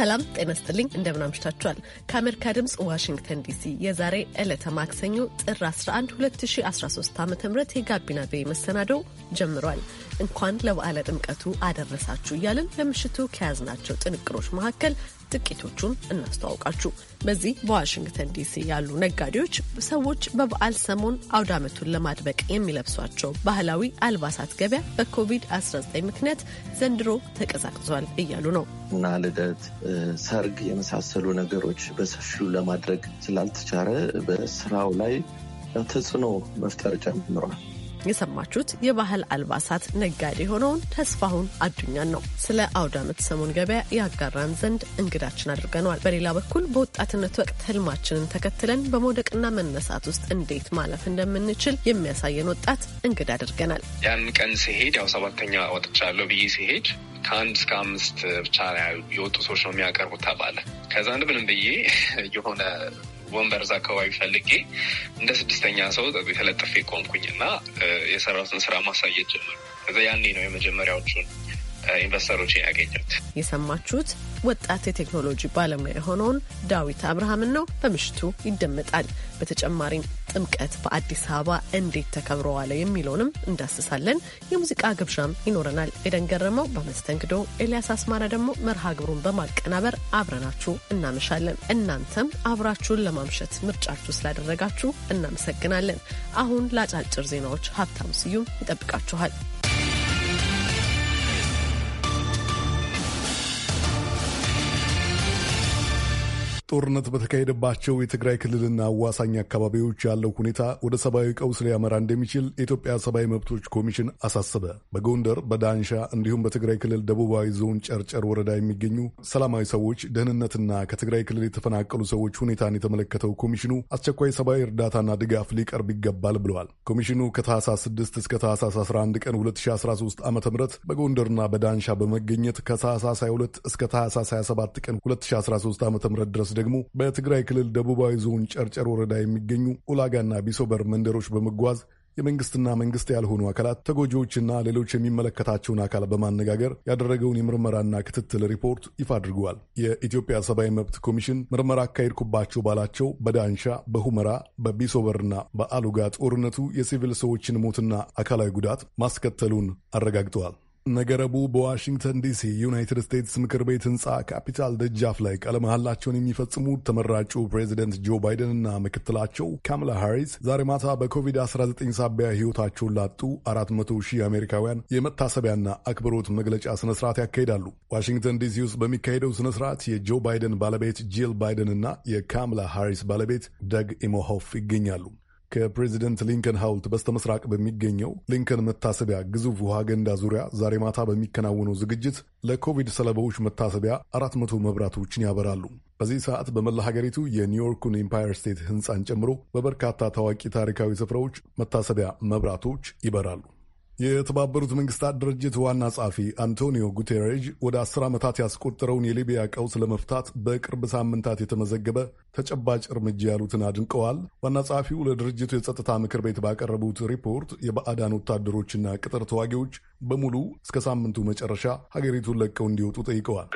ሰላም ጤና ስጥልኝ፣ እንደምን አምሽታችኋል። ከአሜሪካ ድምፅ ዋሽንግተን ዲሲ የዛሬ ዕለተ ማክሰኞ ጥር 11 2013 ዓ ም የጋቢና ቤ መሰናደው ጀምሯል። እንኳን ለበዓለ ጥምቀቱ አደረሳችሁ እያልን ለምሽቱ ከያዝናቸው ጥንቅሮች መካከል ጥቂቶቹን እናስተዋውቃችሁ። በዚህ በዋሽንግተን ዲሲ ያሉ ነጋዴዎች ሰዎች በበዓል ሰሞን አውድ ዓመቱን ለማድበቅ የሚለብሷቸው ባህላዊ አልባሳት ገበያ በኮቪድ-19 ምክንያት ዘንድሮ ተቀዛቅዟል እያሉ ነው እና ልደት፣ ሰርግ የመሳሰሉ ነገሮች በሰፊው ለማድረግ ስላልተቻለ በስራው ላይ ተጽዕኖ መፍጠር ጨምሯል። የሰማችሁት የባህል አልባሳት ነጋዴ የሆነውን ተስፋሁን አዱኛን ነው። ስለ አውደ ዓመት ሰሞን ገበያ ያጋራን ዘንድ እንግዳችን አድርገነዋል። በሌላ በኩል በወጣትነት ወቅት ህልማችንን ተከትለን በመውደቅና መነሳት ውስጥ እንዴት ማለፍ እንደምንችል የሚያሳየን ወጣት እንግዳ አድርገናል። ያን ቀን ሲሄድ ያው ሰባተኛ ወጥቻለሁ ብዬ ሲሄድ ከአንድ እስከ አምስት ብቻ የወጡ ሰዎች ነው የሚያቀርቡት ተባለ። ከዛ ንብንም ብዬ የሆነ ወንበር አካባቢ ፈልጌ እንደ ስድስተኛ ሰው የተለጠፌ ቆምኩኝ እና የሰራሁትን ስራ ማሳየት ጀመሩ። ከዛ ያኔ ነው የመጀመሪያዎቹን ኢንቨስተሮችን ያገኘሁት። የሰማችሁት ወጣት የቴክኖሎጂ ባለሙያ የሆነውን ዳዊት አብርሃምን ነው። በምሽቱ ይደመጣል። በተጨማሪም ጥምቀት በአዲስ አበባ እንዴት ተከብረዋለ የሚለውንም እንዳስሳለን። የሙዚቃ ግብዣም ይኖረናል። ኤደን ገረመው በመስተንግዶ፣ ኤልያስ አስማረ ደግሞ መርሃ ግብሩን በማቀናበር አብረናችሁ እናመሻለን። እናንተም አብራችሁን ለማምሸት ምርጫችሁ ስላደረጋችሁ እናመሰግናለን። አሁን ለአጫጭር ዜናዎች ሀብታሙ ስዩም ይጠብቃችኋል። ጦርነት በተካሄደባቸው የትግራይ ክልልና አዋሳኝ አካባቢዎች ያለው ሁኔታ ወደ ሰብአዊ ቀውስ ሊያመራ እንደሚችል የኢትዮጵያ ሰብአዊ መብቶች ኮሚሽን አሳሰበ። በጎንደር በዳንሻ እንዲሁም በትግራይ ክልል ደቡባዊ ዞን ጨርጨር ወረዳ የሚገኙ ሰላማዊ ሰዎች ደህንነትና ከትግራይ ክልል የተፈናቀሉ ሰዎች ሁኔታን የተመለከተው ኮሚሽኑ አስቸኳይ ሰብአዊ እርዳታና ድጋፍ ሊቀርብ ይገባል ብለዋል። ኮሚሽኑ ከታህሳስ 6 እስከ ታህሳስ 11 ቀን 2013 ዓ ም በጎንደርና በዳንሻ በመገኘት ከታህሳስ 22 እስከ ታህሳስ 27 ቀን 2013 ዓ ም ድረስ ደግሞ በትግራይ ክልል ደቡባዊ ዞን ጨርጨር ወረዳ የሚገኙ ኡላጋና ቢሶበር መንደሮች በመጓዝ የመንግስትና መንግስት ያልሆኑ አካላት ተጎጂዎችና ሌሎች የሚመለከታቸውን አካል በማነጋገር ያደረገውን የምርመራና ክትትል ሪፖርት ይፋ አድርገዋል። የኢትዮጵያ ሰብአዊ መብት ኮሚሽን ምርመራ አካሄድኩባቸው ባላቸው በዳንሻ፣ በሁመራ፣ በቢሶበርና በአሉጋ ጦርነቱ የሲቪል ሰዎችን ሞትና አካላዊ ጉዳት ማስከተሉን አረጋግጠዋል። ነገ ረቡዕ በዋሽንግተን ዲሲ ዩናይትድ ስቴትስ ምክር ቤት ህንፃ ካፒታል ደጃፍ ላይ ቃለ መሐላቸውን የሚፈጽሙት ተመራጩ ፕሬዚደንት ጆ ባይደንና ምክትላቸው ካምላ ሃሪስ ዛሬ ማታ በኮቪድ-19 ሳቢያ ህይወታቸውን ላጡ 400 ሺህ አሜሪካውያን የመታሰቢያና አክብሮት መግለጫ ስነስርዓት ስርዓት ያካሂዳሉ። ዋሽንግተን ዲሲ ውስጥ በሚካሄደው ስነስርዓት ስርዓት የጆ ባይደን ባለቤት ጂል ባይደንና የካምላ ሃሪስ ባለቤት ደግ ኢሞሆፍ ይገኛሉ። ከፕሬዚደንት ሊንከን ሐውልት በስተምስራቅ በሚገኘው ሊንከን መታሰቢያ ግዙፍ ውሃ ገንዳ ዙሪያ ዛሬ ማታ በሚከናወነው ዝግጅት ለኮቪድ ሰለባዎች መታሰቢያ አራት መቶ መብራቶችን ያበራሉ። በዚህ ሰዓት በመላ ሀገሪቱ የኒውዮርኩን ኢምፓየር ስቴት ህንፃን ጨምሮ በበርካታ ታዋቂ ታሪካዊ ስፍራዎች መታሰቢያ መብራቶች ይበራሉ። የተባበሩት መንግስታት ድርጅት ዋና ጸሐፊ አንቶኒዮ ጉቴሬጅ ወደ አስር ዓመታት ያስቆጠረውን የሊቢያ ቀውስ ለመፍታት በቅርብ ሳምንታት የተመዘገበ ተጨባጭ እርምጃ ያሉትን አድንቀዋል። ዋና ጸሐፊው ለድርጅቱ የጸጥታ ምክር ቤት ባቀረቡት ሪፖርት የባዕዳን ወታደሮችና ቅጥር ተዋጊዎች በሙሉ እስከ ሳምንቱ መጨረሻ ሀገሪቱን ለቀው እንዲወጡ ጠይቀዋል።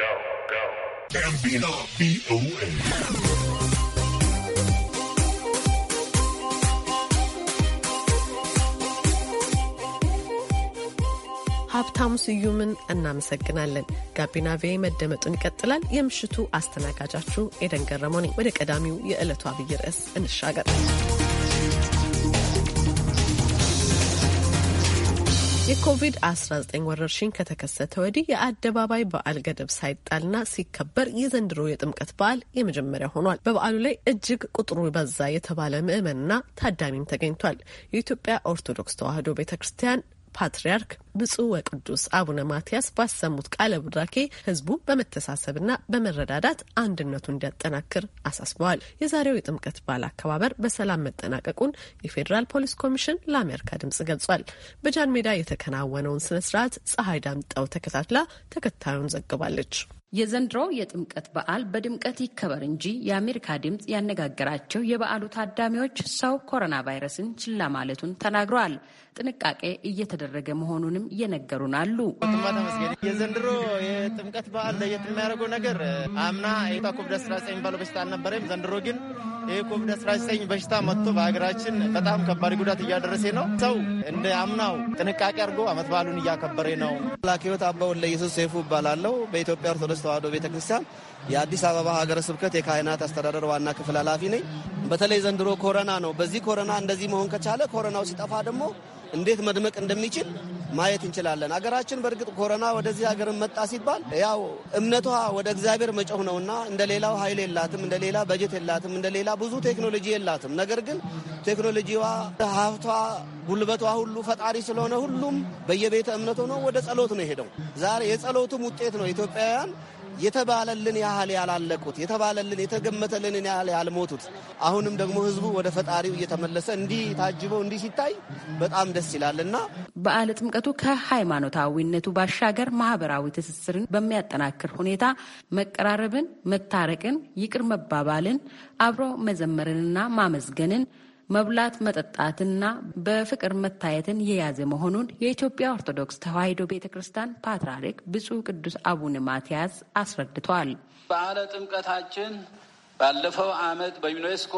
ሀብታሙ ስዩምን እናመሰግናለን። ጋቢና ቪ መደመጡን ይቀጥላል። የምሽቱ አስተናጋጃችሁ ኤደን ገረመው ነኝ። ወደ ቀዳሚው የዕለቱ አብይ ርዕስ እንሻገር። የኮቪድ-19 ወረርሽኝ ከተከሰተ ወዲህ የአደባባይ በዓል ገደብ ሳይጣልና ሲከበር የዘንድሮ የጥምቀት በዓል የመጀመሪያ ሆኗል። በበዓሉ ላይ እጅግ ቁጥሩ በዛ የተባለ ምዕመንና ታዳሚም ተገኝቷል። የኢትዮጵያ ኦርቶዶክስ ተዋሕዶ ቤተ ክርስቲያን ፓትርያርክ ብፁዕ ወቅዱስ አቡነ ማትያስ ባሰሙት ቃለ ቡራኬ ህዝቡ በመተሳሰብና በመረዳዳት አንድነቱ እንዲያጠናክር አሳስበዋል። የዛሬው የጥምቀት በዓል አከባበር በሰላም መጠናቀቁን የፌዴራል ፖሊስ ኮሚሽን ለአሜሪካ ድምጽ ገልጿል። በጃን ሜዳ የተከናወነውን ስነ ስርዓት ፀሐይ ዳምጠው ተከታትላ ተከታዩን ዘግባለች። የዘንድሮ የጥምቀት በዓል በድምቀት ይከበር እንጂ የአሜሪካ ድምፅ ያነጋገራቸው የበዓሉ ታዳሚዎች ሰው ኮሮና ቫይረስን ችላ ማለቱን ተናግረዋል። ጥንቃቄ እየተደረገ መሆኑንም የነገሩን አሉ። የዘንድሮ የጥምቀት በዓል ለየት የሚያደርገው ነገር አምና የታ ኮቪድ 19 የሚባለው በሽታ አልነበረም። ዘንድሮ ግን ይህ ኮቪድ 19 በሽታ መጥቶ በሀገራችን በጣም ከባድ ጉዳት እያደረሰ ነው። ሰው እንደ አምናው ጥንቃቄ አድርጎ አመት በዓሉን እያከበረ ነው። ላኪዮት አበውን ለኢየሱስ ሴፉ እባላለሁ። በኢትዮጵያ ኦርቶዶክስ ተዋህዶ ቤተክርስቲያን የአዲስ አበባ ሀገረ ስብከት የካህናት አስተዳደር ዋና ክፍል ኃላፊ ነኝ። በተለይ ዘንድሮ ኮረና ነው። በዚህ ኮረና እንደዚህ መሆን ከቻለ ኮረናው ሲጠፋ ደግሞ እንዴት መድመቅ እንደሚችል ማየት እንችላለን። አገራችን በእርግጥ ኮረና ወደዚህ ሀገር መጣ ሲባል ያው እምነቷ ወደ እግዚአብሔር መጮህ ነውና እንደ ሌላው ኃይል የላትም፣ እንደ ሌላ በጀት የላትም፣ እንደ ሌላ ብዙ ቴክኖሎጂ የላትም። ነገር ግን ቴክኖሎጂዋ፣ ሀብቷ፣ ጉልበቷ ሁሉ ፈጣሪ ስለሆነ ሁሉም በየቤተ እምነቱ ነው ወደ ጸሎት ነው የሄደው። ዛሬ የጸሎቱም ውጤት ነው ኢትዮጵያውያን የተባለልን ያህል ያላለቁት፣ የተባለልን የተገመተልንን ያህል ያልሞቱት፣ አሁንም ደግሞ ህዝቡ ወደ ፈጣሪው እየተመለሰ እንዲህ ታጅበው እንዲህ ሲታይ በጣም ደስ ይላል ና በዓለ ጥምቀቱ ከሃይማኖታዊነቱ ባሻገር ማህበራዊ ትስስርን በሚያጠናክር ሁኔታ መቀራረብን፣ መታረቅን፣ ይቅር መባባልን፣ አብሮ መዘመርንና ማመዝገንን መብላት መጠጣትና በፍቅር መታየትን የያዘ መሆኑን የኢትዮጵያ ኦርቶዶክስ ተዋሕዶ ቤተ ክርስቲያን ፓትርያርክ ብፁዕ ቅዱስ አቡነ ማትያስ አስረድቷል። በዓለ ጥምቀታችን ባለፈው ዓመት በዩኔስኮ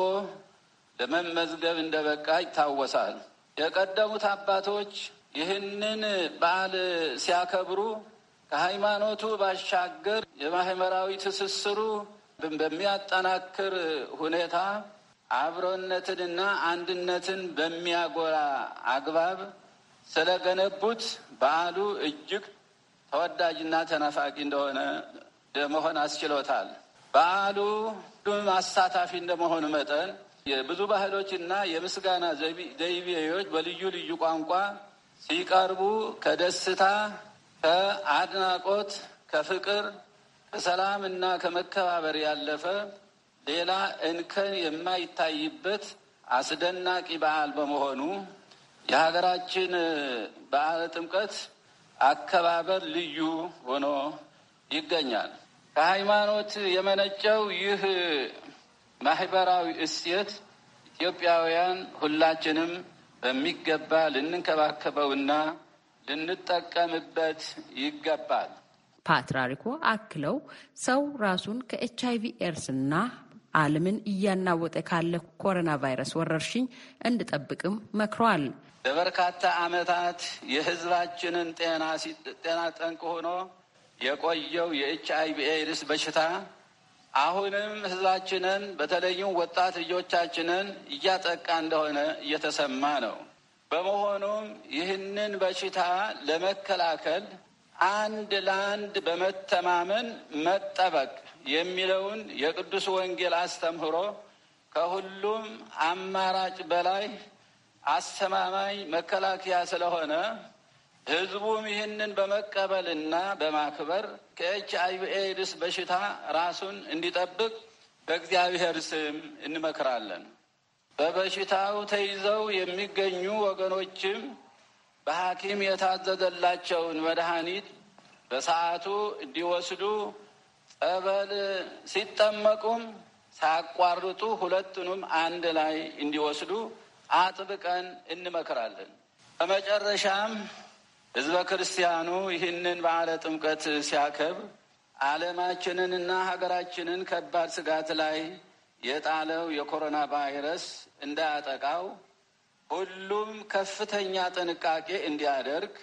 ለመመዝገብ እንደበቃ ይታወሳል። የቀደሙት አባቶች ይህንን በዓል ሲያከብሩ ከሃይማኖቱ ባሻገር የማህበራዊ ትስስሩ በሚያጠናክር ሁኔታ አብሮነትንና አንድነትን በሚያጎላ አግባብ ስለገነቡት በዓሉ እጅግ ተወዳጅና ተናፋቂ እንደሆነ መሆን አስችሎታል። በዓሉ ሁሉም አሳታፊ እንደመሆኑ መጠን የብዙ ባህሎችና የምስጋና ዘይቤዎች በልዩ ልዩ ቋንቋ ሲቀርቡ ከደስታ ከአድናቆት፣ ከፍቅር፣ ከሰላም እና ከመከባበር ያለፈ ሌላ እንከን የማይታይበት አስደናቂ በዓል በመሆኑ የሀገራችን በዓለ ጥምቀት አከባበር ልዩ ሆኖ ይገኛል። ከሃይማኖት የመነጨው ይህ ማህበራዊ እሴት ኢትዮጵያውያን ሁላችንም በሚገባ ልንንከባከበውና ልንጠቀምበት ይገባል። ፓትርያርኩ አክለው ሰው ራሱን ከኤች አይቪ ኤድስና ዓለምን እያናወጠ ካለ ኮሮና ቫይረስ ወረርሽኝ እንድጠብቅም መክሯል። ለበርካታ ዓመታት የሕዝባችንን ጤና ጠንቅ ሆኖ የቆየው የኤች አይ ቪ ኤድስ በሽታ አሁንም ሕዝባችንን በተለይም ወጣት ልጆቻችንን እያጠቃ እንደሆነ እየተሰማ ነው። በመሆኑም ይህንን በሽታ ለመከላከል አንድ ለአንድ በመተማመን መጠበቅ የሚለውን የቅዱስ ወንጌል አስተምህሮ ከሁሉም አማራጭ በላይ አስተማማኝ መከላከያ ስለሆነ ህዝቡም ይህንን በመቀበልና በማክበር ከኤች አይቪ ኤድስ በሽታ ራሱን እንዲጠብቅ በእግዚአብሔር ስም እንመክራለን። በበሽታው ተይዘው የሚገኙ ወገኖችም በሐኪም የታዘዘላቸውን መድኃኒት በሰዓቱ እንዲወስዱ ጸበል ሲጠመቁም ሳያቋርጡ ሁለቱንም አንድ ላይ እንዲወስዱ አጥብቀን እንመክራለን። በመጨረሻም ሕዝበ ክርስቲያኑ ይህንን በዓለ ጥምቀት ሲያከብር ዓለማችንንና ሀገራችንን ከባድ ስጋት ላይ የጣለው የኮሮና ቫይረስ እንዳያጠቃው ሁሉም ከፍተኛ ጥንቃቄ እንዲያደርግ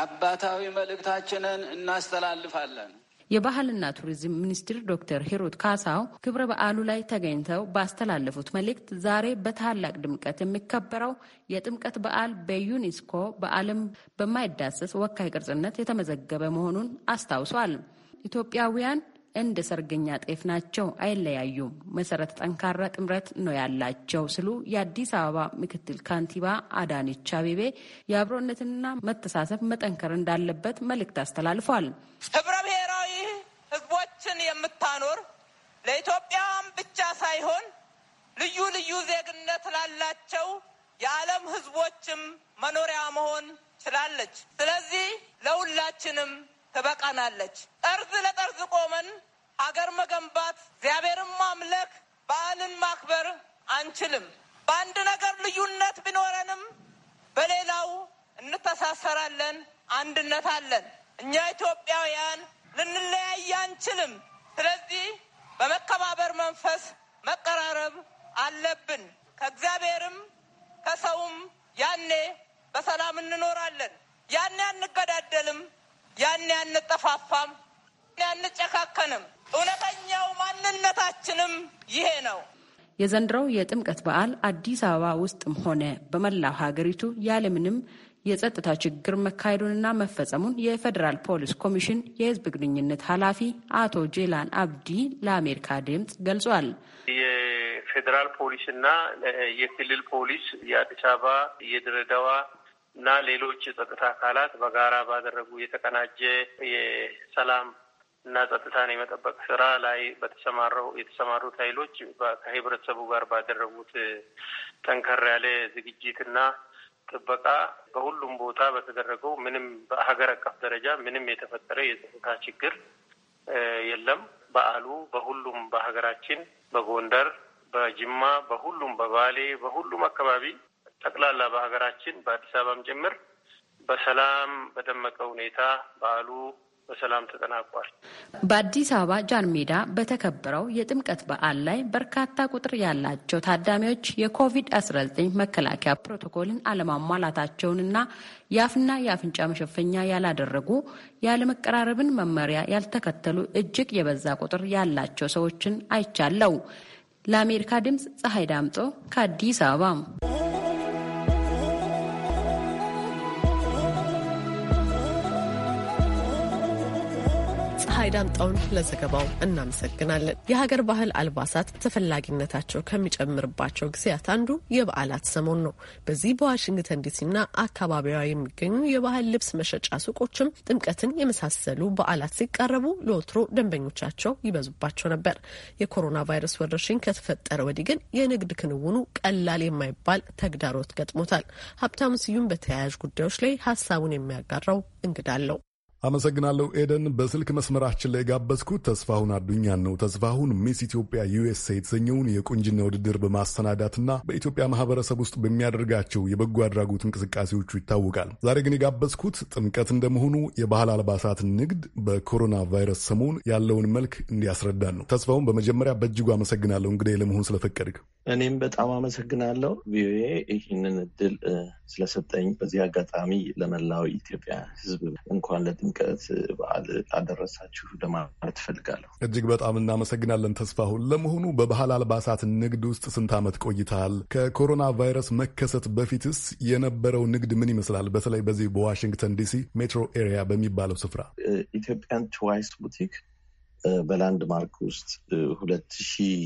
አባታዊ መልእክታችንን እናስተላልፋለን። የባህልና ቱሪዝም ሚኒስትር ዶክተር ሂሩት ካሳው ክብረ በዓሉ ላይ ተገኝተው ባስተላለፉት መልእክት ዛሬ በታላቅ ድምቀት የሚከበረው የጥምቀት በዓል በዩኔስኮ በዓለም በማይዳሰስ ወካይ ቅርጽነት የተመዘገበ መሆኑን አስታውሷል። ኢትዮጵያውያን እንደ ሰርገኛ ጤፍ ናቸው፣ አይለያዩም። መሰረት ጠንካራ ጥምረት ነው ያላቸው ሲሉ የአዲስ አበባ ምክትል ካንቲባ፣ አዳነች አቤቤ የአብሮነትና መተሳሰብ መጠንከር እንዳለበት መልእክት አስተላልፏል። ሀገራችን የምታኖር ለኢትዮጵያም ብቻ ሳይሆን ልዩ ልዩ ዜግነት ላላቸው የዓለም ሕዝቦችም መኖሪያ መሆን ችላለች። ስለዚህ ለሁላችንም ትበቃናለች። ጠርዝ ለጠርዝ ቆመን ሀገር መገንባት፣ እግዚአብሔርን ማምለክ፣ በዓልን ማክበር አንችልም። በአንድ ነገር ልዩነት ቢኖረንም በሌላው እንተሳሰራለን፣ አንድነት አለን። እኛ ኢትዮጵያውያን ልንለያይ አንችልም። ስለዚህ በመከባበር መንፈስ መቀራረብ አለብን። ከእግዚአብሔርም ከሰውም ያኔ በሰላም እንኖራለን። ያኔ አንገዳደልም፣ ያኔ አንጠፋፋም፣ ያኔ አንጨካከንም። እውነተኛው ማንነታችንም ይሄ ነው። የዘንድሮው የጥምቀት በዓል አዲስ አበባ ውስጥም ሆነ በመላው ሀገሪቱ ያለምንም የጸጥታ ችግር መካሄዱንና መፈጸሙን የፌዴራል ፖሊስ ኮሚሽን የህዝብ ግንኙነት ኃላፊ አቶ ጄላን አብዲ ለአሜሪካ ድምፅ ገልጿል። የፌዴራል ፖሊስና የክልል ፖሊስ የአዲስ አበባ የድረዳዋ እና ሌሎች የጸጥታ አካላት በጋራ ባደረጉ የተቀናጀ የሰላም እና ጸጥታን የመጠበቅ ስራ ላይ በተሰማረው የተሰማሩት ኃይሎች ከህብረተሰቡ ጋር ባደረጉት ጠንከር ያለ ዝግጅት እና ጥበቃ በሁሉም ቦታ በተደረገው ምንም በሀገር አቀፍ ደረጃ ምንም የተፈጠረ የጸጥታ ችግር የለም። በዓሉ በሁሉም በሀገራችን በጎንደር፣ በጅማ፣ በሁሉም በባሌ፣ በሁሉም አካባቢ ጠቅላላ በሀገራችን በአዲስ አበባም ጭምር በሰላም በደመቀ ሁኔታ በዓሉ በሰላም ተጠናቋል። በአዲስ አበባ ጃን ሜዳ በተከበረው የጥምቀት በዓል ላይ በርካታ ቁጥር ያላቸው ታዳሚዎች የኮቪድ-19 መከላከያ ፕሮቶኮልን አለማሟላታቸውንና የአፍና የአፍንጫ መሸፈኛ ያላደረጉ ያለመቀራረብን መመሪያ ያልተከተሉ እጅግ የበዛ ቁጥር ያላቸው ሰዎችን አይቻለው። ለአሜሪካ ድምፅ ፀሐይ ዳምጦ ከአዲስ አበባ ፀሐይ ዳምጣውን ለዘገባው እናመሰግናለን። የሀገር ባህል አልባሳት ተፈላጊነታቸው ከሚጨምርባቸው ጊዜያት አንዱ የበዓላት ሰሞን ነው። በዚህ በዋሽንግተን ዲሲና አካባቢዋ የሚገኙ የባህል ልብስ መሸጫ ሱቆችም ጥምቀትን የመሳሰሉ በዓላት ሲቃረቡ ለወትሮ ደንበኞቻቸው ይበዙባቸው ነበር። የኮሮና ቫይረስ ወረርሽኝ ከተፈጠረ ወዲህ ግን የንግድ ክንውኑ ቀላል የማይባል ተግዳሮት ገጥሞታል። ሀብታሙ ስዩም በተያያዥ ጉዳዮች ላይ ሀሳቡን የሚያጋራው እንግዳለው አለው። አመሰግናለሁ ኤደን። በስልክ መስመራችን ላይ የጋበዝኩት ተስፋሁን አዱኛን ነው። ተስፋሁን ሚስ ኢትዮጵያ ዩኤስኤ የተሰኘውን የቁንጅና ውድድር በማሰናዳትና በኢትዮጵያ ማህበረሰብ ውስጥ በሚያደርጋቸው የበጎ አድራጎት እንቅስቃሴዎቹ ይታወቃል። ዛሬ ግን የጋበዝኩት ጥምቀት እንደመሆኑ የባህል አልባሳት ንግድ በኮሮና ቫይረስ ሰሞን ያለውን መልክ እንዲያስረዳን ነው። ተስፋሁን በመጀመሪያ በእጅጉ አመሰግናለሁ እንግዲህ ለመሆን ስለፈቀድክ። እኔም በጣም አመሰግናለሁ ቪኦኤ ይህንን እድል ስለሰጠኝ። በዚህ አጋጣሚ ለመላው ኢትዮጵያ ሕዝብ እንኳን ለጥምቀት በዓል አደረሳችሁ ለማለት እፈልጋለሁ። እጅግ በጣም እናመሰግናለን ተስፋሁን። ለመሆኑ በባህል አልባሳት ንግድ ውስጥ ስንት ዓመት ቆይተሃል? ከኮሮና ቫይረስ መከሰት በፊትስ የነበረው ንግድ ምን ይመስላል? በተለይ በዚህ በዋሽንግተን ዲሲ ሜትሮ ኤሪያ በሚባለው ስፍራ ኢትዮጵያን ትዋይስ ቡቲክ በላንድ ማርክ ውስጥ ሁለት ሺህ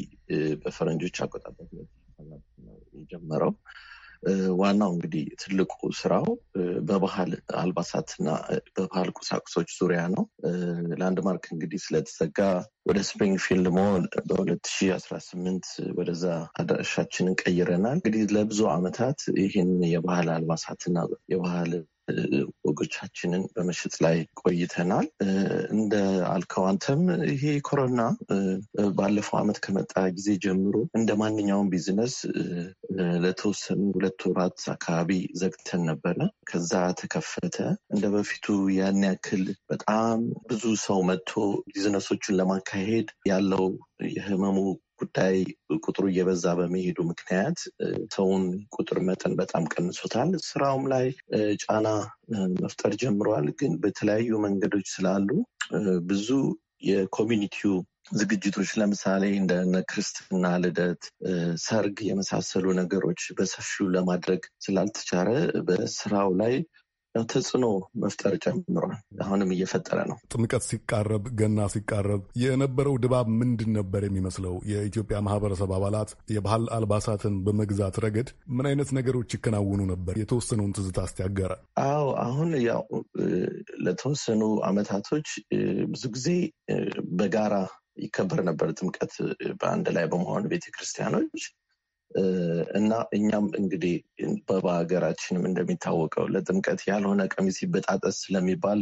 በፈረንጆች አቆጣጠር የጀመረው ዋናው እንግዲህ ትልቁ ስራው በባህል አልባሳትና በባህል ቁሳቁሶች ዙሪያ ነው። ላንድማርክ እንግዲህ ስለተዘጋ ወደ ስፕሪንግፊልድ ሞል በ2018 ወደዛ አዳራሻችንን ቀይረናል። እንግዲህ ለብዙ ዓመታት ይህን የባህል አልባሳትና የባህል ወጎቻችንን በምሽት ላይ ቆይተናል። እንደ አልከው አንተም ይሄ ኮሮና ባለፈው ዓመት ከመጣ ጊዜ ጀምሮ እንደ ማንኛውም ቢዝነስ ለተወሰኑ ሁለት ወራት አካባቢ ዘግተን ነበረ። ከዛ ተከፈተ። እንደ በፊቱ ያን ያክል በጣም ብዙ ሰው መጥቶ ቢዝነሶቹን ለማካሄድ ያለው የህመሙ ጉዳይ ቁጥሩ እየበዛ በመሄዱ ምክንያት ሰውን ቁጥር መጠን በጣም ቀንሶታል። ስራውም ላይ ጫና መፍጠር ጀምረዋል። ግን በተለያዩ መንገዶች ስላሉ ብዙ የኮሚኒቲው ዝግጅቶች ለምሳሌ እንደ ክርስትና፣ ልደት፣ ሰርግ የመሳሰሉ ነገሮች በሰፊው ለማድረግ ስላልተቻለ በስራው ላይ ተጽዕኖ መፍጠር ጨምሯል አሁንም እየፈጠረ ነው። ጥምቀት ሲቃረብ፣ ገና ሲቃረብ የነበረው ድባብ ምንድን ነበር የሚመስለው? የኢትዮጵያ ማህበረሰብ አባላት የባህል አልባሳትን በመግዛት ረገድ ምን አይነት ነገሮች ይከናወኑ ነበር? የተወሰነውን ትዝታ አስቲያገረ። አዎ፣ አሁን ያው ለተወሰኑ አመታቶች ብዙ ጊዜ በጋራ ይከበር ነበር ጥምቀት በአንድ ላይ በመሆን ቤተክርስቲያኖች እና እኛም እንግዲህ በሀገራችንም እንደሚታወቀው ለጥምቀት ያልሆነ ቀሚስ ይበጣጠስ ስለሚባል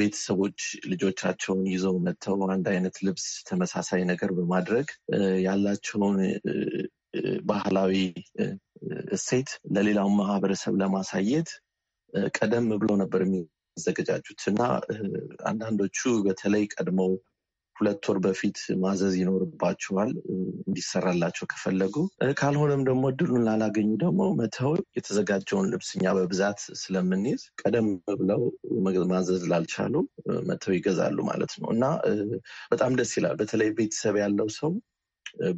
ቤተሰቦች ልጆቻቸውን ይዘው መጥተው አንድ አይነት ልብስ ተመሳሳይ ነገር በማድረግ ያላቸውን ባህላዊ እሴት ለሌላው ማህበረሰብ ለማሳየት ቀደም ብሎ ነበር የሚዘገጃጁት እና አንዳንዶቹ በተለይ ቀድመው ሁለት ወር በፊት ማዘዝ ይኖርባቸዋል እንዲሰራላቸው ከፈለጉ። ካልሆነም ደግሞ እድሉን ላላገኙ ደግሞ መተው የተዘጋጀውን ልብስ እኛ በብዛት ስለምንይዝ ቀደም ብለው ማዘዝ ላልቻሉ መተው ይገዛሉ ማለት ነው እና በጣም ደስ ይላል። በተለይ ቤተሰብ ያለው ሰው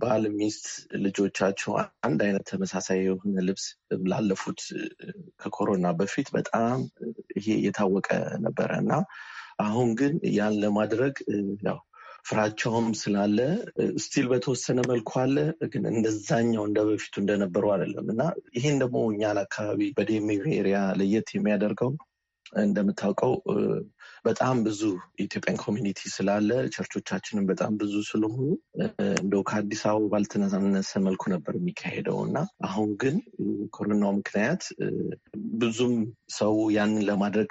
ባል፣ ሚስት፣ ልጆቻቸው አንድ አይነት ተመሳሳይ የሆነ ልብስ ላለፉት ከኮሮና በፊት በጣም ይሄ የታወቀ ነበረ እና አሁን ግን ያን ለማድረግ ያው ፍራቻውም ስላለ ስቲል በተወሰነ መልኩ አለ፣ ግን እንደዛኛው እንደ በፊቱ እንደነበሩ አይደለም እና ይህን ደግሞ እኛን አካባቢ በደሜ ኤሪያ ለየት የሚያደርገው እንደምታውቀው በጣም ብዙ የኢትዮጵያን ኮሚኒቲ ስላለ ቸርቾቻችንም በጣም ብዙ ስለሆኑ እንደው ከአዲስ አበባ ባልተነሳነሰ መልኩ ነበር የሚካሄደው እና አሁን ግን ኮሮናው ምክንያት ብዙም ሰው ያንን ለማድረግ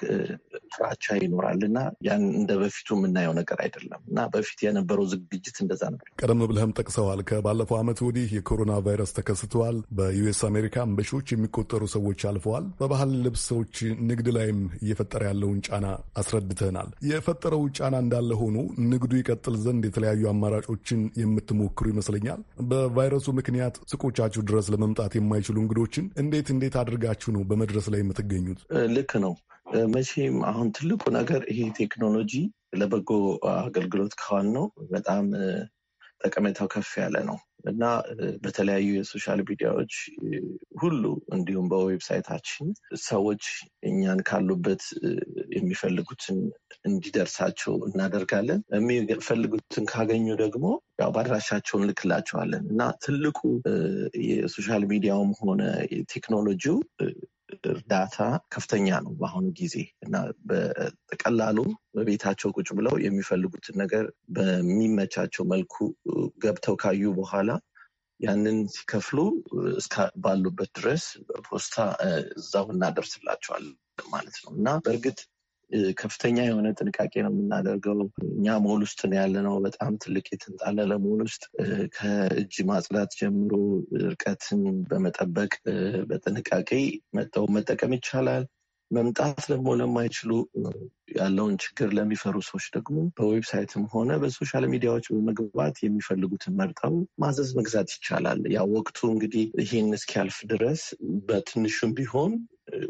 ፍራቻ ይኖራል እና ያን እንደ በፊቱ የምናየው ነገር አይደለም እና በፊት የነበረው ዝግጅት እንደዛ ነበር። ቀደም ብለህም ጠቅሰዋል። ከባለፈው ዓመት ወዲህ የኮሮና ቫይረስ ተከስተዋል። በዩኤስ አሜሪካም በሺዎች የሚቆጠሩ ሰዎች አልፈዋል። በባህል ልብሶች ንግድ ላይም እየፈጠረ ያለውን ጫና አስረ አስረድተናል። የፈጠረው ጫና እንዳለ ሆኖ ንግዱ ይቀጥል ዘንድ የተለያዩ አማራጮችን የምትሞክሩ ይመስለኛል። በቫይረሱ ምክንያት ሱቆቻችሁ ድረስ ለመምጣት የማይችሉ እንግዶችን እንዴት እንዴት አድርጋችሁ ነው በመድረስ ላይ የምትገኙት? ልክ ነው። መቼም አሁን ትልቁ ነገር ይሄ ቴክኖሎጂ ለበጎ አገልግሎት ካዋል ነው በጣም ጠቀሜታው ከፍ ያለ ነው እና በተለያዩ የሶሻል ሚዲያዎች ሁሉ እንዲሁም በዌብሳይታችን ሰዎች እኛን ካሉበት የሚፈልጉትን እንዲደርሳቸው እናደርጋለን። የሚፈልጉትን ካገኙ ደግሞ ያው ባድራሻቸውን ልክላቸዋለን እና ትልቁ የሶሻል ሚዲያውም ሆነ ቴክኖሎጂው እርዳታ ከፍተኛ ነው በአሁኑ ጊዜ እና በቀላሉ በቤታቸው ቁጭ ብለው የሚፈልጉትን ነገር በሚመቻቸው መልኩ ገብተው ካዩ በኋላ ያንን ሲከፍሉ ባሉበት ድረስ በፖስታ እዛው እናደርስላቸዋል ማለት ነው እና በእርግጥ ከፍተኛ የሆነ ጥንቃቄ ነው የምናደርገው። እኛ ሞል ውስጥ ነው ያለነው። በጣም ትልቅ የተንጣለለ ሞል ውስጥ ከእጅ ማጽዳት ጀምሮ እርቀትን በመጠበቅ በጥንቃቄ መጠው መጠቀም ይቻላል። መምጣት ደግሞ ለማይችሉ ያለውን ችግር ለሚፈሩ ሰዎች ደግሞ በዌብሳይትም ሆነ በሶሻል ሚዲያዎች በመግባት የሚፈልጉትን መርጠው ማዘዝ መግዛት ይቻላል። ያ ወቅቱ እንግዲህ ይህን እስኪያልፍ ድረስ በትንሹም ቢሆን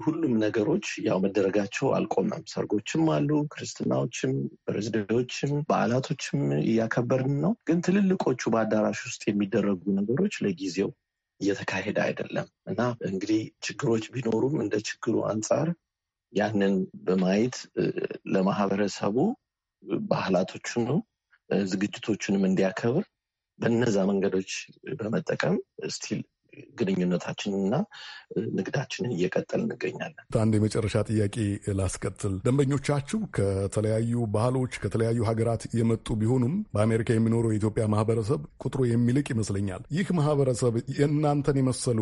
ሁሉም ነገሮች ያው መደረጋቸው አልቆመም። ሰርጎችም አሉ፣ ክርስትናዎችም፣ በርዝዴዎችም፣ በዓላቶችም እያከበርን ነው። ግን ትልልቆቹ በአዳራሽ ውስጥ የሚደረጉ ነገሮች ለጊዜው እየተካሄደ አይደለም እና እንግዲህ ችግሮች ቢኖሩም እንደ ችግሩ አንጻር ያንን በማየት ለማህበረሰቡ ባህላቶቹን ዝግጅቶቹንም እንዲያከብር በነዛ መንገዶች በመጠቀም ስቲል ግንኙነታችንና ንግዳችንን እየቀጠል እንገኛለን። አንድ የመጨረሻ ጥያቄ ላስቀጥል። ደንበኞቻችሁ ከተለያዩ ባህሎች፣ ከተለያዩ ሀገራት የመጡ ቢሆኑም በአሜሪካ የሚኖረው የኢትዮጵያ ማህበረሰብ ቁጥሩ የሚልቅ ይመስለኛል። ይህ ማህበረሰብ የእናንተን የመሰሉ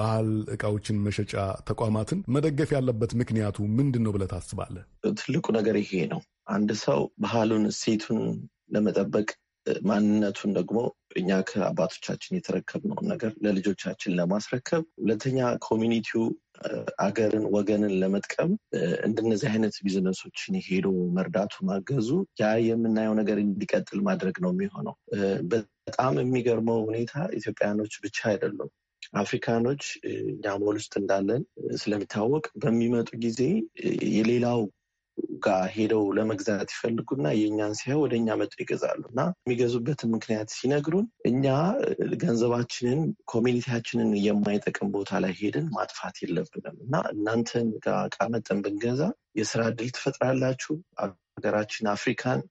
ባህል እቃዎችን መሸጫ ተቋማትን መደገፍ ያለበት ምክንያቱ ምንድን ነው ብለህ ታስባለህ? ትልቁ ነገር ይሄ ነው። አንድ ሰው ባህሉን እሴቱን ለመጠበቅ ማንነቱን ደግሞ እኛ ከአባቶቻችን የተረከብነውን ነገር ለልጆቻችን ለማስረከብ፣ ሁለተኛ ኮሚኒቲው አገርን ወገንን ለመጥቀም እንደነዚህ አይነት ቢዝነሶችን ሄዶ መርዳቱ ማገዙ ያ የምናየው ነገር እንዲቀጥል ማድረግ ነው የሚሆነው። በጣም የሚገርመው ሁኔታ ኢትዮጵያኖች ብቻ አይደሉም። አፍሪካኖች እኛ ሞል ውስጥ እንዳለን ስለሚታወቅ በሚመጡ ጊዜ የሌላው ጋር ሄደው ለመግዛት ይፈልጉና የእኛን ሳይሆን ወደ እኛ መጡ ይገዛሉ እና የሚገዙበትን ምክንያት ሲነግሩን እኛ ገንዘባችንን ኮሚኒቲያችንን የማይጠቅም ቦታ ላይ ሄድን ማጥፋት የለብንም እና እናንተን ጋር እቃ መጠን ብንገዛ የስራ እድል ትፈጥራላችሁ፣ ሀገራችን አፍሪካን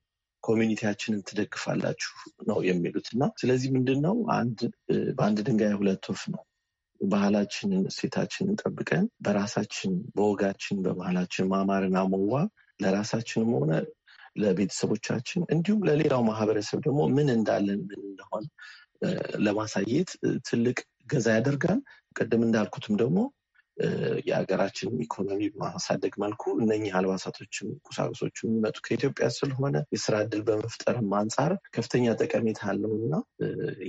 ኮሚኒቲያችንን ትደግፋላችሁ ነው የሚሉት እና ስለዚህ ምንድን ነው አንድ በአንድ ድንጋይ ሁለት ወፍ ነው ባህላችንን እሴታችንን ጠብቀን በራሳችን በወጋችን በባህላችን ማማርን አሞዋ ለራሳችንም ሆነ ለቤተሰቦቻችን እንዲሁም ለሌላው ማህበረሰብ ደግሞ ምን እንዳለን ምን እንደሆነ ለማሳየት ትልቅ ገዛ ያደርጋል። ቅድም እንዳልኩትም ደግሞ የሀገራችን ኢኮኖሚ በማሳደግ መልኩ እነኚህ አልባሳቶችም ቁሳቁሶችም የሚመጡ ከኢትዮጵያ ስለሆነ የስራ እድል በመፍጠርም አንጻር ከፍተኛ ጠቀሜታ አለው እና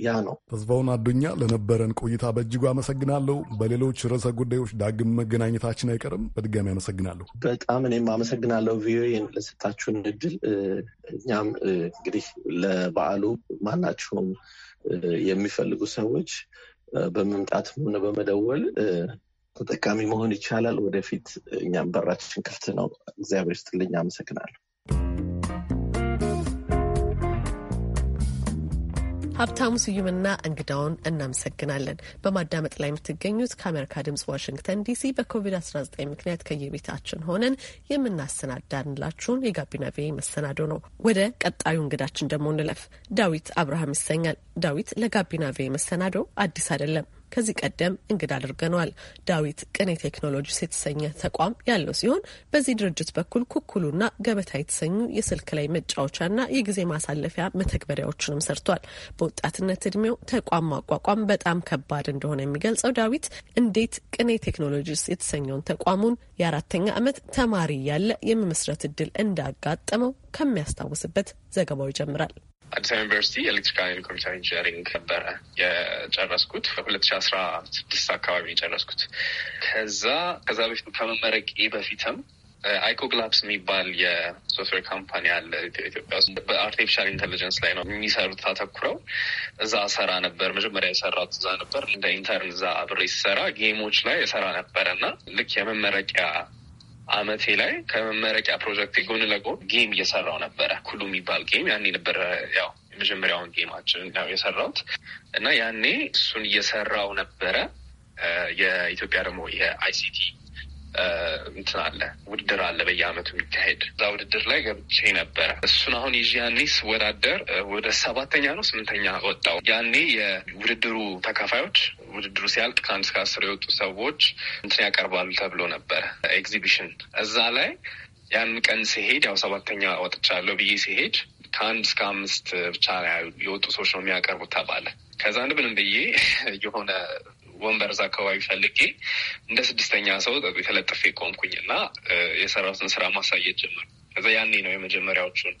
ያ ነው። ተስፋውን አዱኛ፣ ለነበረን ቆይታ በእጅጉ አመሰግናለሁ። በሌሎች ርዕሰ ጉዳዮች ዳግም መገናኘታችን አይቀርም። በድጋሚ አመሰግናለሁ። በጣም እኔም አመሰግናለሁ ቪኦኤን ለሰጣችሁን እድል። እኛም እንግዲህ ለበዓሉ ማናቸውም የሚፈልጉ ሰዎች በመምጣትም ሆነ በመደወል ተጠቃሚ መሆን ይቻላል። ወደፊት እኛም በራችን ክፍት ነው። እግዚአብሔር ይስጥልኝ። አመሰግናለሁ። ሀብታሙ ስዩምና እንግዳውን እናመሰግናለን። በማዳመጥ ላይ የምትገኙት ከአሜሪካ ድምጽ ዋሽንግተን ዲሲ በኮቪድ-19 ምክንያት ከየቤታችን ሆነን የምናሰናዳንላችሁን የጋቢና ቪ መሰናዶ ነው። ወደ ቀጣዩ እንግዳችን ደግሞ እንለፍ። ዳዊት አብርሃም ይሰኛል። ዳዊት ለጋቢና ቪ መሰናዶ አዲስ አይደለም። ከዚህ ቀደም እንግዳ አድርገነዋል። ዳዊት ቅኔ ቴክኖሎጂስ የተሰኘ ተቋም ያለው ሲሆን በዚህ ድርጅት በኩል ኩኩሉና ገበታ የተሰኙ የስልክ ላይ መጫወቻና የጊዜ ማሳለፊያ መተግበሪያዎችንም ሰርቷል። በወጣትነት እድሜው ተቋም ማቋቋም በጣም ከባድ እንደሆነ የሚገልጸው ዳዊት እንዴት ቅኔ ቴክኖሎጂስ የተሰኘውን ተቋሙን የአራተኛ ዓመት ተማሪ ያለ የመመስረት እድል እንዳጋጠመው ከሚያስታውስበት ዘገባው ይጀምራል። አዲስ አበባ ዩኒቨርሲቲ ኤሌክትሪካል ኤንድ ኮምፒውተር ኢንጂነሪንግ ነበረ የጨረስኩት ሁለት ሺ አስራ ስድስት አካባቢ የጨረስኩት። ከዛ ከዛ በፊት ከመመረቄ በፊትም አይኮግ ላብስ የሚባል የሶፍትዌር ካምፓኒ አለ ኢትዮጵያ ውስጥ በአርቲፊሻል ኢንቴሊጀንስ ላይ ነው የሚሰሩት አተኩረው። እዛ ሰራ ነበር። መጀመሪያ የሰራት እዛ ነበር። እንደ ኢንተርን እዛ አብሬ ሲሰራ ጌሞች ላይ የሰራ ነበር እና ልክ የመመረቂያ አመቴ ላይ ከመመረቂያ ፕሮጀክት ጎን ለጎን ጌም እየሰራው ነበረ። ኩሉ የሚባል ጌም ያኔ ነበረ ያው የመጀመሪያውን ጌማችን ያው የሰራሁት እና ያኔ እሱን እየሰራው ነበረ። የኢትዮጵያ ደግሞ የአይሲቲ እንትን አለ ውድድር አለ በየአመቱ የሚካሄድ እዛ ውድድር ላይ ገብቼ ነበረ። እሱን አሁን ይዤ ያኔ ስወዳደር ወደ ሰባተኛ ነው ስምንተኛ ወጣው። ያኔ የውድድሩ ተካፋዮች ውድድሩ ሲያልቅ ከአንድ እስከ አስር የወጡ ሰዎች እንትን ያቀርባሉ ተብሎ ነበረ ኤግዚቢሽን እዛ ላይ ያን ቀን ሲሄድ ያው ሰባተኛ ወጥቻለሁ ብዬ ሲሄድ ከአንድ እስከ አምስት ብቻ የወጡ ሰዎች ነው የሚያቀርቡት ተባለ። ከዛ ንብን ብዬ የሆነ ወንበር አካባቢ ፈልጌ እንደ ስድስተኛ ሰው ተለጥፌ ቆምኩኝ እና የሰራሁትን ስራ ማሳየት ጀመር። ከዛ ያኔ ነው የመጀመሪያዎቹን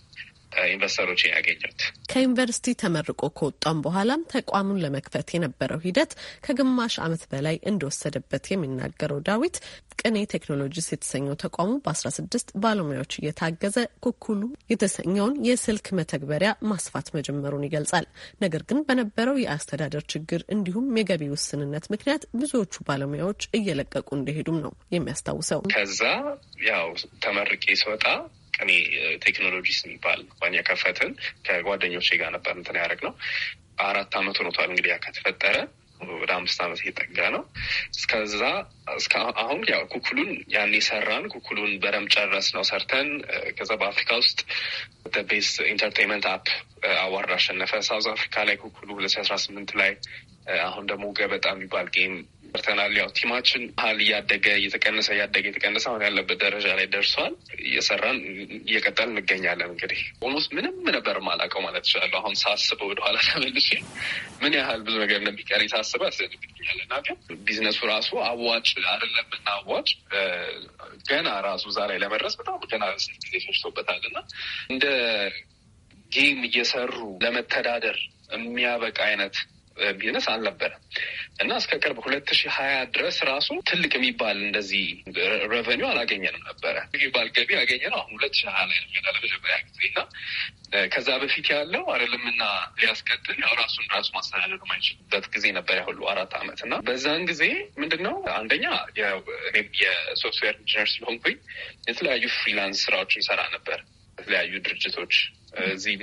ኢንቨስተሮችን ያገኘት። ከዩኒቨርሲቲ ተመርቆ ከወጣም በኋላም ተቋሙን ለመክፈት የነበረው ሂደት ከግማሽ ዓመት በላይ እንደወሰደበት የሚናገረው ዳዊት ቅኔ ቴክኖሎጂስ የተሰኘው ተቋሙ በ16 ባለሙያዎች እየታገዘ ኩኩሉ የተሰኘውን የስልክ መተግበሪያ ማስፋት መጀመሩን ይገልጻል። ነገር ግን በነበረው የአስተዳደር ችግር እንዲሁም የገቢ ውስንነት ምክንያት ብዙዎቹ ባለሙያዎች እየለቀቁ እንደሄዱም ነው የሚያስታውሰው። ከዛ ያው ተመርቄ ስወጣ እኔ ቴክኖሎጂስ የሚባል ኩባንያ ከፈትን ከጓደኞቼ ጋር ነበር እንትን ያደረግ ነው። አራት አመት ሆኖቷል እንግዲህ ከተፈጠረ ወደ አምስት አመት እየጠጋ ነው። እስከዛ አሁን ያው ኩኩሉን ያን የሰራን ኩኩሉን በደምብ ጨረስ ነው ሰርተን ከዛ በአፍሪካ ውስጥ ቤስ ኢንተርቴንመንት አፕ አዋርድ አሸነፈ ሳውዝ አፍሪካ ላይ ኩኩሉ ሁለት ሺ አስራ ስምንት ላይ አሁን ደግሞ ገበጣ የሚባል ጌም ምርተናል። ያው ቲማችን ሀል እያደገ እየተቀነሰ እያደገ የተቀነሰ አሁን ያለበት ደረጃ ላይ ደርሷል። እየሰራን እየቀጠል እንገኛለን። እንግዲህ ኦልሞስት ምንም ነበር ማላውቀው ማለት ይችላለሁ። አሁን ሳስበው ወደኋላ ተመልሼ ምን ያህል ብዙ ነገር እንደሚቀር ሳስበ ያስገድብኛልና ግን ቢዝነሱ ራሱ አዋጭ አይደለምና አዋጭ ገና ራሱ እዛ ላይ ለመድረስ በጣም ገና ስንት ጊዜ ፈጅቶበታል እና እንደ ጌም እየሰሩ ለመተዳደር የሚያበቃ አይነት ቢዝነስ አልነበረም እና እስከ ቅርብ ሁለት ሺህ ሀያ ድረስ ራሱ ትልቅ የሚባል እንደዚህ ረቨኒው አላገኘንም ነበረ። የሚባል ገቢ ያገኘ ነው አሁን ሁለት ሺህ ሀያ ላይ ለመጀመሪያ ጊዜ እና ከዛ በፊት ያለው አይደለምና ሊያስቀጥል ያው ራሱን ራሱ ማስተዳደር ማይችልበት ጊዜ ነበር ያሁሉ አራት አመት እና በዛን ጊዜ ምንድን ነው አንደኛ እኔም የሶፍትዌር ኢንጂነር ስለሆንኩኝ የተለያዩ ፍሪላንስ ስራዎችን ሰራ ነበር። የተለያዩ ድርጅቶች እዚህ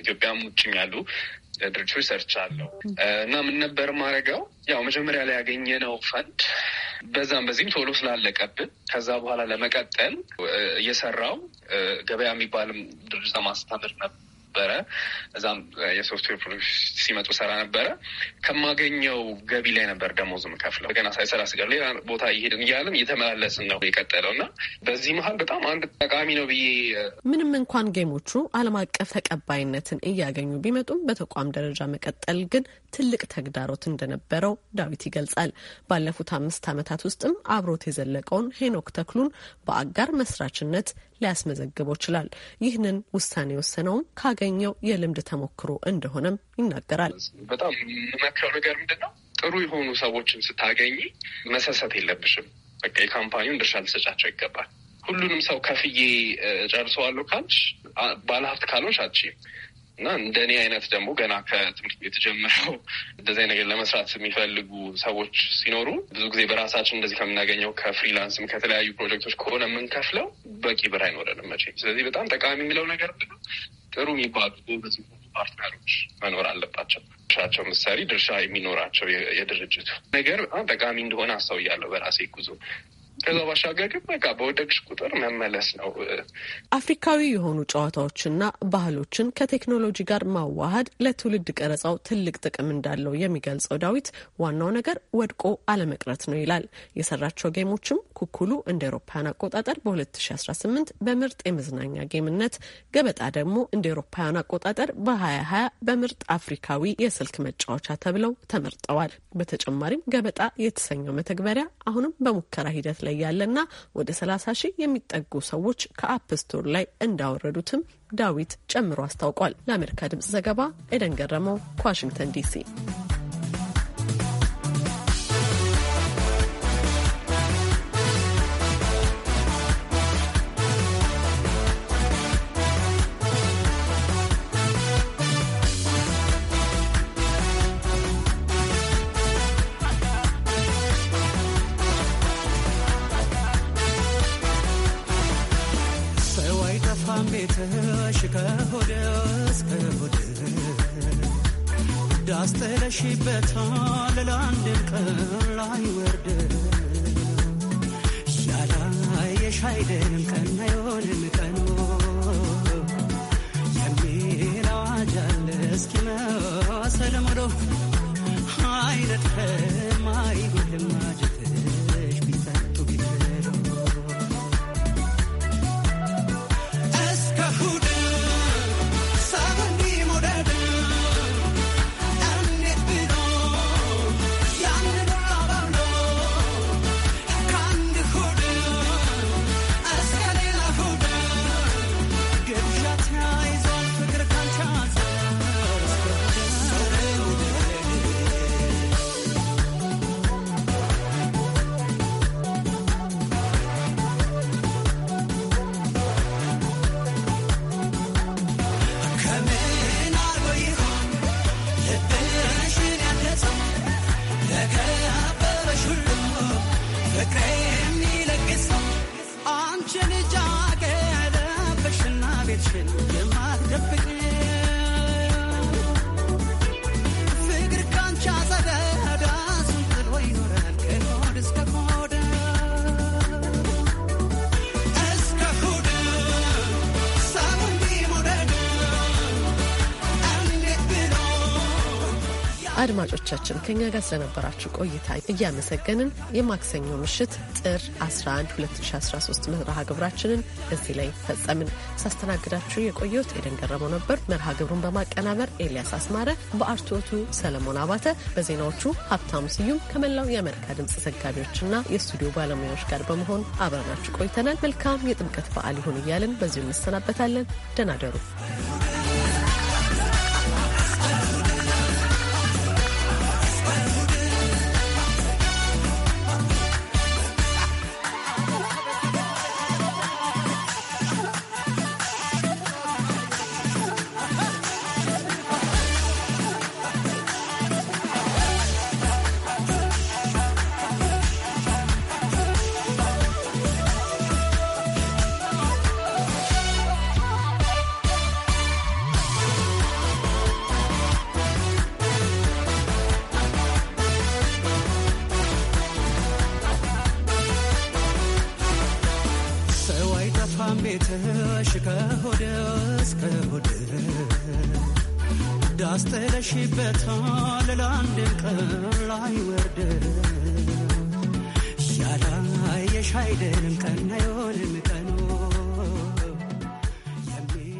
ኢትዮጵያም ውጭም ያሉ ሪሰርች አለው እና ምን ነበር ማድረገው ያው መጀመሪያ ላይ ያገኘነው ፈንድ በዛም በዚህም ቶሎ ስላለቀብን ከዛ በኋላ ለመቀጠል እየሰራው ገበያ የሚባልም ድርጅት ለማስተምር ነበር ነበረ። እዛም የሶፍትዌር ፕሮጀክት ሲመጡ ሰራ ነበረ። ከማገኘው ገቢ ላይ ነበር ደሞዝ የምከፍለው። ገና ሳይሰራ ስገር ሌላ ቦታ እየሄድን እያለን እየተመላለስን ነው የቀጠለው እና በዚህ መሀል በጣም አንድ ጠቃሚ ነው ብዬ ምንም እንኳን ጌሞቹ ዓለም አቀፍ ተቀባይነትን እያገኙ ቢመጡም በተቋም ደረጃ መቀጠል ግን ትልቅ ተግዳሮት እንደነበረው ዳዊት ይገልጻል። ባለፉት አምስት ዓመታት ውስጥም አብሮት የዘለቀውን ሄኖክ ተክሉን በአጋር መስራችነት ሊያስመዘግበው ይችላል። ይህንን ውሳኔ የወሰነውም ካገኘው የልምድ ተሞክሮ እንደሆነም ይናገራል። በጣም የምመክረው ነገር ምንድን ነው? ጥሩ የሆኑ ሰዎችን ስታገኝ መሰሰት የለብሽም። በቃ የካምፓኒውን ድርሻ ልሰጫቸው ይገባል። ሁሉንም ሰው ከፍዬ ጨርሰዋለሁ ካልሽ ባለሀብት ካልሆንሽ አትችይም። እና እንደ እኔ አይነት ደግሞ ገና ከትምህርት ቤት ጀምረው እንደዚህ ነገር ለመስራት የሚፈልጉ ሰዎች ሲኖሩ ብዙ ጊዜ በራሳችን እንደዚህ ከምናገኘው ከፍሪላንስም ከተለያዩ ፕሮጀክቶች ከሆነ የምንከፍለው በቂ ብር አይኖረንም መቼ። ስለዚህ በጣም ጠቃሚ የሚለው ነገር ጥሩ የሚባሉ ብዙ ፓርትነሮች መኖር አለባቸው። ድርሻቸው ምሳሌ ድርሻ የሚኖራቸው የድርጅቱ ነገር በጣም ጠቃሚ እንደሆነ አሳውያለሁ በራሴ ጉዞ ከዛ ባሻገር ግን በቃ በወደቅሽ ቁጥር መመለስ ነው። አፍሪካዊ የሆኑ ጨዋታዎችና ባህሎችን ከቴክኖሎጂ ጋር ማዋሃድ ለትውልድ ቀረጻው ትልቅ ጥቅም እንዳለው የሚገልጸው ዳዊት ዋናው ነገር ወድቆ አለመቅረት ነው ይላል። የሰራቸው ጌሞችም ኩኩሉ እንደ ኤሮፓያን አቆጣጠር በ2018 በምርጥ የመዝናኛ ጌምነት፣ ገበጣ ደግሞ እንደ ኤሮፓያን አቆጣጠር በ2020 በምርጥ አፍሪካዊ የስልክ መጫወቻ ተብለው ተመርጠዋል። በተጨማሪም ገበጣ የተሰኘው መተግበሪያ አሁንም በሙከራ ሂደት ላይ ላይ ያለና ወደ 30 ሺህ የሚጠጉ ሰዎች ከአፕ ስቶር ላይ እንዳወረዱትም ዳዊት ጨምሮ አስታውቋል። ለአሜሪካ ድምጽ ዘገባ ኤደን ገረመው ከዋሽንግተን ዲሲ ይመሽበታል ለአንድ ቀን ላይ ወርደ ያላየሽ ቀን አይሆንም ቀኑ የሚል አዋጅ አለ የማትደብቅ አድማጮቻችን ከእኛ ጋር ስለነበራችሁ ቆይታ እያመሰገንን የማክሰኞ ምሽት ጥር 11 2013 መርሃ ግብራችንን እዚህ ላይ ፈጸምን። ሳስተናግዳችሁ የቆየሁት ኤደን ገረመው ነበር። መርሃ ግብሩን በማቀናበር ኤልያስ አስማረ፣ በአርትዖቱ ሰለሞን አባተ፣ በዜናዎቹ ሀብታሙ ስዩም ከመላው የአሜሪካ ድምፅ ዘጋቢዎችና የስቱዲዮ ባለሙያዎች ጋር በመሆን አብረናችሁ ቆይተናል። መልካም የጥምቀት በዓል ይሁን እያልን በዚሁ እንሰናበታለን። ደናደሩ